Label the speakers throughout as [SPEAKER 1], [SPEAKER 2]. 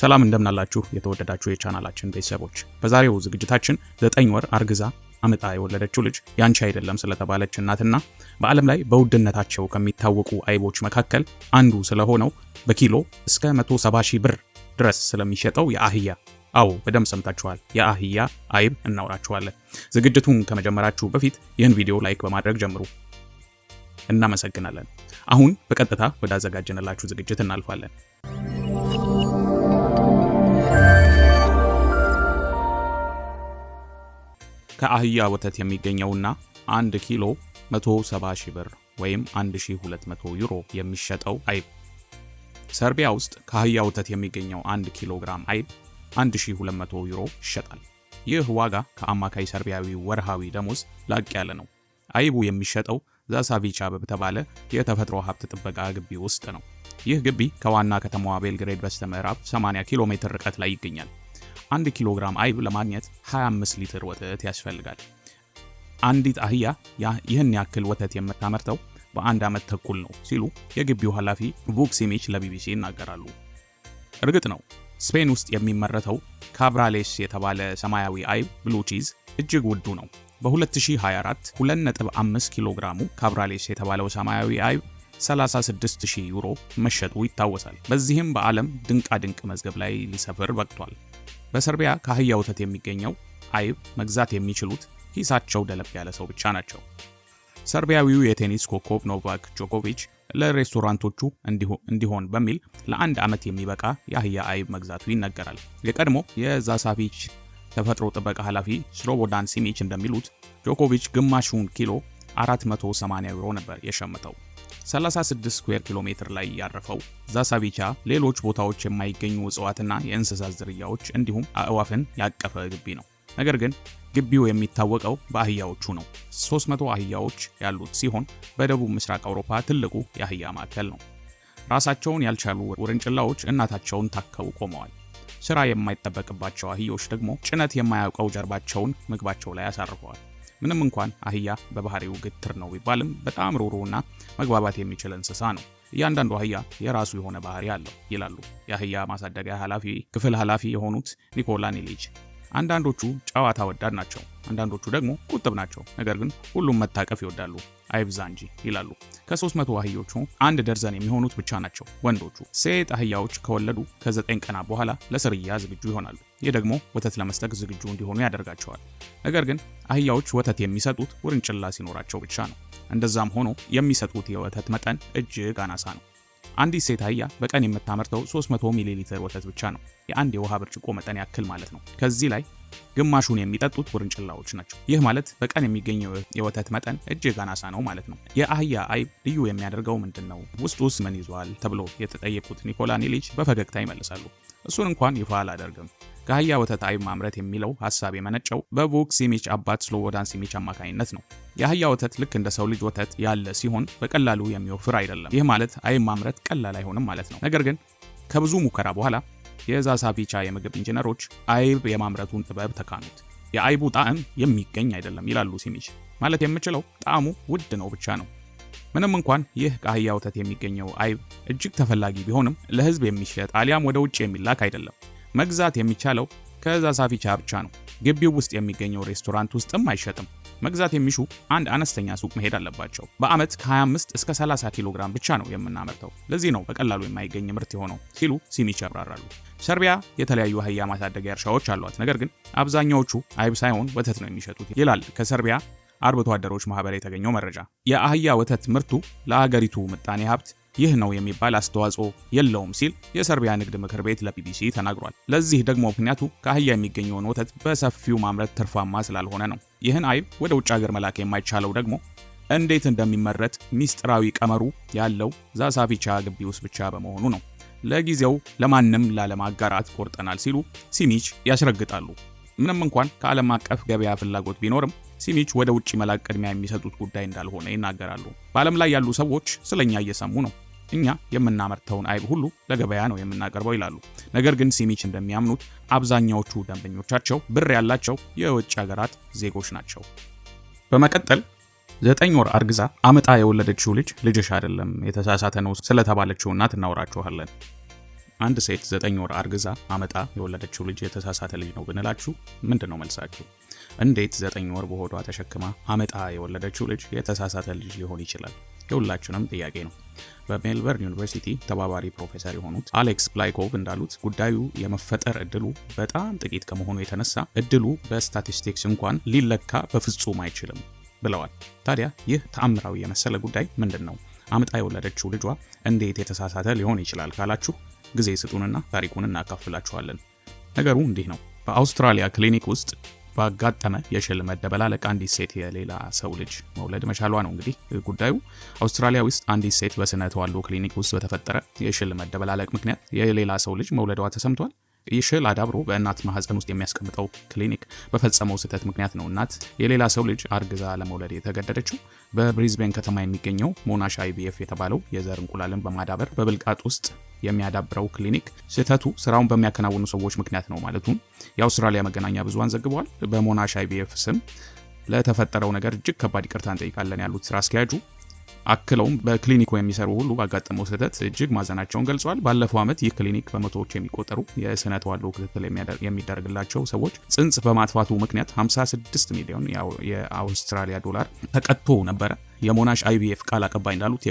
[SPEAKER 1] ሰላም እንደምናላችሁ የተወደዳችሁ የቻናላችን ቤተሰቦች፣ በዛሬው ዝግጅታችን ዘጠኝ ወር አርግዛ አምጣ የወለደችው ልጅ ያንቺ አይደለም ስለተባለች እናትና በዓለም ላይ በውድነታቸው ከሚታወቁ አይቦች መካከል አንዱ ስለሆነው በኪሎ እስከ 170 ሺህ ብር ድረስ ስለሚሸጠው የአህያ አዎ በደንብ ሰምታችኋል፣ የአህያ አይብ እናውራችኋለን። ዝግጅቱን ከመጀመራችሁ በፊት ይህን ቪዲዮ ላይክ በማድረግ ጀምሩ። እናመሰግናለን። አሁን በቀጥታ ወዳዘጋጀንላችሁ ዝግጅት እናልፋለን።
[SPEAKER 2] ከአህያ ወተት የሚገኘውና 1 ኪሎ 170 ሺህ ብር ወይም 1200 ዩሮ የሚሸጠው አይብ። ሰርቢያ ውስጥ ከአህያ ወተት የሚገኘው 1 ኪሎ ግራም አይብ 1200 ዩሮ ይሸጣል። ይህ ዋጋ ከአማካይ ሰርቢያዊ ወርሃዊ ደሞዝ ላቅ ያለ ነው። አይቡ የሚሸጠው ዛሳቪቻ በተባለ የተፈጥሮ ሀብት ጥበቃ ግቢ ውስጥ ነው። ይህ ግቢ ከዋና ከተማዋ ቤልግሬድ በስተ ምዕራብ 80 ኪሎ ሜትር ርቀት ላይ ይገኛል። 1 ኪሎ ግራም አይብ ለማግኘት 25 ሊትር ወተት ያስፈልጋል። አንዲት አህያ ይህን ያክል ወተት የምታመርተው በአንድ ዓመት ተኩል ነው ሲሉ የግቢው ኃላፊ ቮክሲሚች ለቢቢሲ ይናገራሉ። እርግጥ ነው ስፔን ውስጥ የሚመረተው ካብራሌስ የተባለ ሰማያዊ አይብ ብሉ ቺዝ እጅግ ውዱ ነው። በ2024 2.5 ኪሎ ግራሙ ካብራሌስ የተባለው ሰማያዊ አይብ 36000 ዩሮ መሸጡ ይታወሳል። በዚህም በዓለም ድንቃ ድንቅ መዝገብ ላይ ሊሰፍር በቅቷል። በሰርቢያ ከአህያ ወተት የሚገኘው አይብ መግዛት የሚችሉት ሂሳቸው ደለብ ያለ ሰው ብቻ ናቸው። ሰርቢያዊው የቴኒስ ኮከብ ኖቫክ ጆኮቪች ለሬስቶራንቶቹ እንዲሆን በሚል ለአንድ ዓመት የሚበቃ የአህያ አይብ መግዛቱ ይነገራል። የቀድሞ የዛሳፊች ተፈጥሮ ጥበቃ ኃላፊ ስሎቦዳን ሲሚች እንደሚሉት ጆኮቪች ግማሹን ኪሎ 480 ዩሮ ነበር የሸመተው። 36 ስኩዌር ኪሎ ሜትር ላይ ያረፈው ቢቻ ሌሎች ቦታዎች የማይገኙ እጽዋትና የእንስሳት ዝርያዎች እንዲሁም አእዋፍን ያቀፈ ግቢ ነው። ነገር ግን ግቢው የሚታወቀው በአህያዎቹ ነው። 300 አህያዎች ያሉት ሲሆን በደቡብ ምስራቅ አውሮፓ ትልቁ የአህያ ማዕከል ነው። ራሳቸውን ያልቻሉ ውርንጭላዎች እናታቸውን ታከው ቆመዋል። ስራ የማይጠበቅባቸው አህዮች ደግሞ ጭነት የማያውቀው ጀርባቸውን ምግባቸው ላይ አሳርፈዋል። ምንም እንኳን አህያ በባህሪው ግትር ነው ቢባልም በጣም ሩሩና መግባባት የሚችል እንስሳ ነው። እያንዳንዱ አህያ የራሱ የሆነ ባህሪ አለው ይላሉ የአህያ ማሳደጊያ ኃላፊ ክፍል ኃላፊ የሆኑት ኒኮላ ኒሊጅ። አንዳንዶቹ ጨዋታ ወዳድ ናቸው፣ አንዳንዶቹ ደግሞ ቁጥብ ናቸው። ነገር ግን ሁሉም መታቀፍ ይወዳሉ አይብዛ እንጂ ይላሉ። ከ300 አህዮቹ አንድ ደርዘን የሚሆኑት ብቻ ናቸው ወንዶቹ። ሴት አህያዎች ከወለዱ ከ9 ቀናት በኋላ ለስርያ ዝግጁ ይሆናሉ። ይህ ደግሞ ወተት ለመስጠት ዝግጁ እንዲሆኑ ያደርጋቸዋል። ነገር ግን አህያዎች ወተት የሚሰጡት ውርንጭላ ሲኖራቸው ብቻ ነው። እንደዛም ሆኖ የሚሰጡት የወተት መጠን እጅግ አናሳ ነው። አንዲት ሴት አህያ በቀን የምታመርተው 300 ሚሊ ሊትር ወተት ብቻ ነው። የአንድ የውሃ ብርጭቆ መጠን ያክል ማለት ነው። ከዚህ ላይ ግማሹን የሚጠጡት ውርንጭላዎች ናቸው። ይህ ማለት በቀን የሚገኘው የወተት መጠን እጅግ አናሳ ነው ማለት ነው። የአህያ አይብ ልዩ የሚያደርገው ምንድን ነው? ውስጥ ውስጥ ምን ይዟል? ተብሎ የተጠየቁት ኒኮላ ኒሊች በፈገግታ ይመልሳሉ። እሱን እንኳን ይፋ አላደርግም ከአህያ ወተት አይብ ማምረት የሚለው ሐሳብ የመነጨው በቮክ ሲሚች አባት ስሎቦዳን ሲሚች አማካኝነት ነው። የአህያ ወተት ልክ እንደ ሰው ልጅ ወተት ያለ ሲሆን በቀላሉ የሚወፍር አይደለም። ይህ ማለት አይብ ማምረት ቀላል አይሆንም ማለት ነው። ነገር ግን ከብዙ ሙከራ በኋላ ፊቻ የምግብ ኢንጂነሮች አይብ የማምረቱን ጥበብ ተካኑት። የአይቡ ጣዕም የሚገኝ አይደለም ይላሉ ሲሚች። ማለት የምችለው ጣዕሙ ውድ ነው ብቻ ነው። ምንም እንኳን ይህ ከአህያ ወተት የሚገኘው አይብ እጅግ ተፈላጊ ቢሆንም ለህዝብ የሚሸጥ አሊያም ወደ ውጭ የሚላክ አይደለም። መግዛት የሚቻለው ከዛ ቻ ብቻ ነው። ግቢው ውስጥ የሚገኘው ሬስቶራንት ውስጥም አይሸጥም። መግዛት የሚሹ አንድ አነስተኛ ሱቅ መሄድ አለባቸው። በዓመት ከ25 እስከ 30 ኪሎ ግራም ብቻ ነው የምናመርተው፣ ለዚህ ነው በቀላሉ የማይገኝ ምርት የሆነው ሲሉ ሲሚች ያብራራሉ። ሰርቢያ የተለያዩ አህያ ማሳደጊያ እርሻዎች አሏት፣ ነገር ግን አብዛኛዎቹ አይብ ሳይሆን ወተት ነው የሚሸጡት ይላል ከሰርቢያ አርብቶ አደሮች ማህበር የተገኘው መረጃ። የአህያ ወተት ምርቱ ለአገሪቱ ምጣኔ ሀብት ይህ ነው የሚባል አስተዋጽኦ የለውም ሲል የሰርቢያ ንግድ ምክር ቤት ለቢቢሲ ተናግሯል። ለዚህ ደግሞ ምክንያቱ ከአህያ የሚገኘውን ወተት በሰፊው ማምረት ትርፋማ ስላልሆነ ነው። ይህን አይብ ወደ ውጭ ሀገር መላክ የማይቻለው ደግሞ እንዴት እንደሚመረት ሚስጥራዊ ቀመሩ ያለው ዛሳፊቻ ግቢ ውስጥ ብቻ በመሆኑ ነው። ለጊዜው ለማንም ላለማጋራት ቆርጠናል ሲሉ ሲሚች ያስረግጣሉ። ምንም እንኳን ከዓለም አቀፍ ገበያ ፍላጎት ቢኖርም ሲሚች ወደ ውጭ መላክ ቅድሚያ የሚሰጡት ጉዳይ እንዳልሆነ ይናገራሉ። በዓለም ላይ ያሉ ሰዎች ስለኛ እየሰሙ ነው። እኛ የምናመርተውን አይብ ሁሉ ለገበያ ነው የምናቀርበው ይላሉ። ነገር ግን ሲሚች እንደሚያምኑት አብዛኛዎቹ ደንበኞቻቸው ብር ያላቸው የውጭ ሀገራት ዜጎች ናቸው። በመቀጠል ዘጠኝ ወር አርግዛ አመጣ የወለደችው ልጅ ልጅሽ አይደለም የተሳሳተ ነው ስለተባለችው እናት እናወራችኋለን። አንድ ሴት ዘጠኝ ወር አርግዛ አመጣ የወለደችው ልጅ የተሳሳተ ልጅ ነው ብንላችሁ ምንድን ነው መልሳችሁ? እንዴት ዘጠኝ ወር በሆዷ ተሸክማ አመጣ የወለደችው ልጅ የተሳሳተ ልጅ ሊሆን ይችላል? የሁላችንም ጥያቄ ነው። በሜልበርን ዩኒቨርሲቲ ተባባሪ ፕሮፌሰር የሆኑት አሌክስ ፕላይኮቭ እንዳሉት ጉዳዩ የመፈጠር እድሉ በጣም ጥቂት ከመሆኑ የተነሳ እድሉ በስታቲስቲክስ እንኳን ሊለካ በፍጹም አይችልም ብለዋል። ታዲያ ይህ ተአምራዊ የመሰለ ጉዳይ ምንድን ነው? አምጣ የወለደችው ልጇ እንዴት የተሳሳተ ሊሆን ይችላል ካላችሁ ጊዜ ስጡንና ታሪኩን እናካፍላችኋለን። ነገሩ እንዲህ ነው። በአውስትራሊያ ክሊኒክ ውስጥ ባጋጠመ የሽል መደበላለቅ አንዲት ሴት የሌላ ሰው ልጅ መውለድ መቻሏ ነው። እንግዲህ ጉዳዩ አውስትራሊያ ውስጥ አንዲት ሴት በስነ ተዋልዶ ክሊኒክ ውስጥ በተፈጠረ የሽል መደበላለቅ ምክንያት የሌላ ሰው ልጅ መውለዷ ተሰምቷል። ይሽል አዳብሮ በእናት ማህፀን ውስጥ የሚያስቀምጠው ክሊኒክ በፈጸመው ስህተት ምክንያት ነው እናት የሌላ ሰው ልጅ አርግዛ ለመውለድ የተገደደችው። በብሪዝቤን ከተማ የሚገኘው ሞናሽ አይቪኤፍ የተባለው የዘር እንቁላልን በማዳበር በብልቃጥ ውስጥ የሚያዳብረው ክሊኒክ ስህተቱ ስራውን በሚያከናውኑ ሰዎች ምክንያት ነው ማለቱን የአውስትራሊያ መገናኛ ብዙሃን ዘግበዋል። በሞናሽ አይቪኤፍ ስም ለተፈጠረው ነገር እጅግ ከባድ ይቅርታ እንጠይቃለን ያሉት ስራ አስኪያጁ አክለውም በክሊኒኩ የሚሰሩ ሁሉ ባጋጠመው ስህተት እጅግ ማዘናቸውን ገልጸዋል። ባለፈው ዓመት ይህ ክሊኒክ በመቶዎች የሚቆጠሩ የስነ ተዋልዶ ክትትል የሚደረግላቸው ሰዎች ጽንስ በማጥፋቱ ምክንያት 56 ሚሊዮን የአውስትራሊያ ዶላር ተቀጥቶ ነበረ። የሞናሽ አይቪኤፍ ቃል አቀባይ እንዳሉት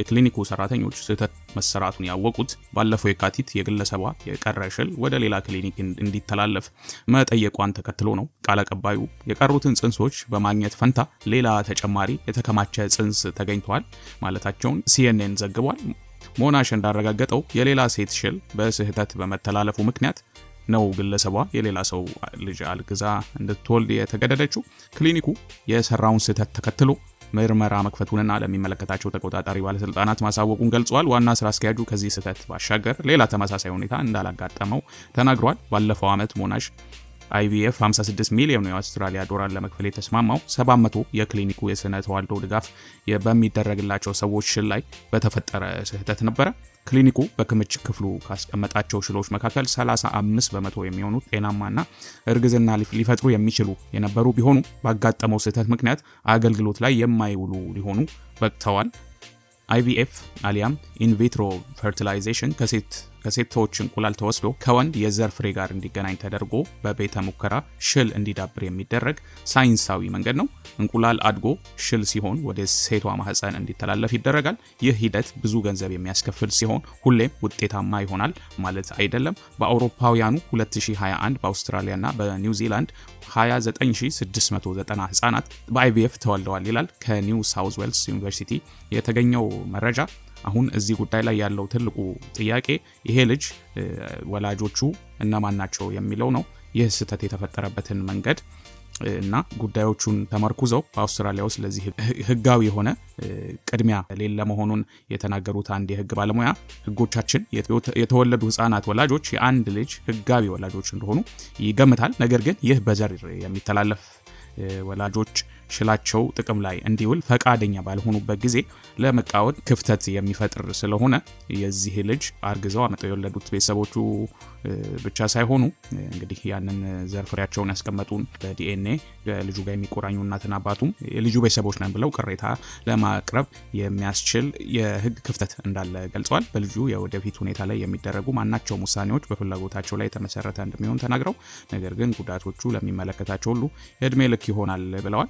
[SPEAKER 2] የክሊኒኩ ሰራተኞች ስህተት መሰራቱን ያወቁት ባለፈው የካቲት የግለሰቧ የቀረ ሽል ወደ ሌላ ክሊኒክ እንዲተላለፍ መጠየቋን ተከትሎ ነው። ቃል አቀባዩ የቀሩትን ጽንሶች በማግኘት ፈንታ ሌላ ተጨማሪ የተከማቸ ጽንስ ተገኝተዋል ማለታቸውን ሲኤንኤን ዘግቧል። ሞናሽ እንዳረጋገጠው የሌላ ሴት ሽል በስህተት በመተላለፉ ምክንያት ነው ግለሰቧ የሌላ ሰው ልጅ አልግዛ እንድትወልድ የተገደደችው። ክሊኒኩ የሰራውን ስህተት ተከትሎ ምርመራ መክፈቱንና ለሚመለከታቸው ተቆጣጣሪ ባለስልጣናት ማሳወቁን ገልጿል። ዋና ስራ አስኪያጁ ከዚህ ስህተት ባሻገር ሌላ ተመሳሳይ ሁኔታ እንዳላጋጠመው ተናግሯል። ባለፈው ዓመት ሞናሽ አይቪኤፍ 56 ሚሊዮን የአውስትራሊያ ዶላር ለመክፈል የተስማማው 700 የክሊኒኩ የስነ ተዋልዶ ድጋፍ በሚደረግላቸው ሰዎች ላይ በተፈጠረ ስህተት ነበረ። ክሊኒኩ በክምችት ክፍሉ ካስቀመጣቸው ሽሎች መካከል 35 በመቶ የሚሆኑ ጤናማና እርግዝና ሊፈጥሩ የሚችሉ የነበሩ ቢሆኑ ባጋጠመው ስህተት ምክንያት አገልግሎት ላይ የማይውሉ ሊሆኑ በቅተዋል። አይቪኤፍ አሊያም ኢንቪትሮ ፈርቲላይዜሽን ከሴት ከሴቶች እንቁላል ተወስዶ ከወንድ የዘር ፍሬ ጋር እንዲገናኝ ተደርጎ በቤተ ሙከራ ሽል እንዲዳብር የሚደረግ ሳይንሳዊ መንገድ ነው። እንቁላል አድጎ ሽል ሲሆን ወደ ሴቷ ማህፀን እንዲተላለፍ ይደረጋል። ይህ ሂደት ብዙ ገንዘብ የሚያስከፍል ሲሆን ሁሌም ውጤታማ ይሆናል ማለት አይደለም። በአውሮፓውያኑ 2021 በአውስትራሊያና በኒውዚላንድ 29690 ህጻናት በአይቪኤፍ ተወልደዋል ይላል ከኒው ሳውዝ ዌልስ ዩኒቨርሲቲ የተገኘው መረጃ። አሁን እዚህ ጉዳይ ላይ ያለው ትልቁ ጥያቄ ይሄ ልጅ ወላጆቹ እነማን ናቸው የሚለው ነው። ይህ ስህተት የተፈጠረበትን መንገድ እና ጉዳዮቹን ተመርኩዘው በአውስትራሊያ ውስጥ ለዚህ ህጋዊ የሆነ ቅድሚያ ሌለ መሆኑን የተናገሩት አንድ የህግ ባለሙያ ህጎቻችን የተወለዱ ህጻናት ወላጆች የአንድ ልጅ ህጋዊ ወላጆች እንደሆኑ ይገምታል። ነገር ግን ይህ በዘር የሚተላለፍ ወላጆች ሽላቸው ጥቅም ላይ እንዲውል ፈቃደኛ ባልሆኑበት ጊዜ ለመቃወድ ክፍተት የሚፈጥር ስለሆነ የዚህ ልጅ አርግዘው አመጠው የወለዱት ቤተሰቦቹ ብቻ ሳይሆኑ እንግዲህ ያንን ዘርፍሪያቸውን ያስቀመጡን በዲኤንኤ ልጁ ጋር የሚቆራኙ እናትን አባቱም የልጁ ቤተሰቦች ነን ብለው ቅሬታ ለማቅረብ የሚያስችል የህግ ክፍተት እንዳለ ገልጸዋል። በልጁ የወደፊት ሁኔታ ላይ የሚደረጉ ማናቸውም ውሳኔዎች በፍላጎታቸው ላይ የተመሰረተ እንደሚሆን ተናግረው ነገር ግን ጉዳቶቹ ለሚመለከታቸው ሁሉ የእድሜ ልክ ይሆናል ብለዋል።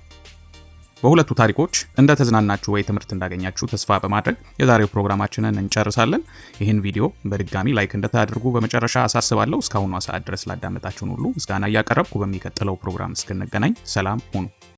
[SPEAKER 2] በሁለቱ ታሪኮች እንደተዝናናችሁ ወይ ትምህርት እንዳገኛችሁ ተስፋ በማድረግ የዛሬው ፕሮግራማችንን እንጨርሳለን። ይህን ቪዲዮ በድጋሚ ላይክ እንደታደርጉ በመጨረሻ አሳስባለሁ። እስካሁኗ ሰዓት ድረስ ላዳመጣችሁን ሁሉ ምስጋና እያቀረብኩ በሚቀጥለው ፕሮግራም እስክንገናኝ ሰላም ሁኑ።